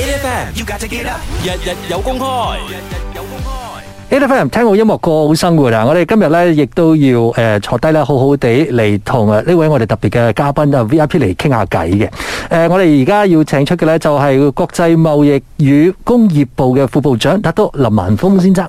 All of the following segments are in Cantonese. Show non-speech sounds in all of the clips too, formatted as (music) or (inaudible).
A.F.M. 要架隻機啦，日日有工開。A.F.M. 聽我音樂過好生活啦，我哋今日咧，亦都要誒坐低啦，好好地嚟，同誒呢位我哋特別嘅嘉賓啊 V.I.P. 嚟傾下偈嘅。誒，我哋而家要請出嘅咧就係國際貿易與工業部嘅副部長，拿督林萬鋒先生。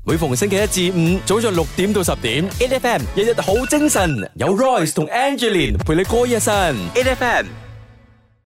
(music) 每逢星期一至五，早上六點到十點，A F M 日日好精神，有 Royce 同 Angelina 陪你過一晨。A F M。